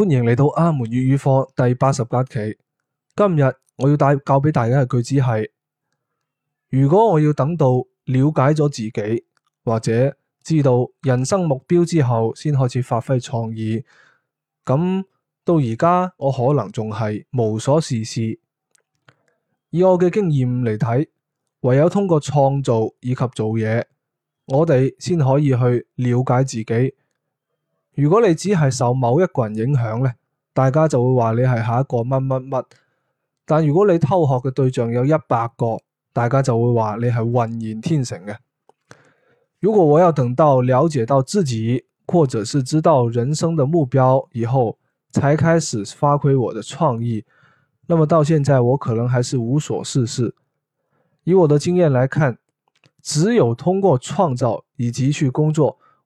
歡迎嚟到阿門粵語課第八十八期。今日我要帶教俾大家嘅句子係：如果我要等到了解咗自己或者知道人生目標之後，先開始發揮創意，咁到而家我可能仲係無所事事。以我嘅經驗嚟睇，唯有通過創造以及做嘢，我哋先可以去了解自己。如果你只係受某一個人影響咧，大家就會話你係下一個乜乜乜。但如果你偷學嘅對象有一百個，大家就會話你係渾然天成嘅。如果我要等到了解到自己，或者是知道人生嘅目標以後，才開始發揮我的創意，那麼到現在我可能還是無所事事。以我的經驗來看，只有通過創造以及去工作。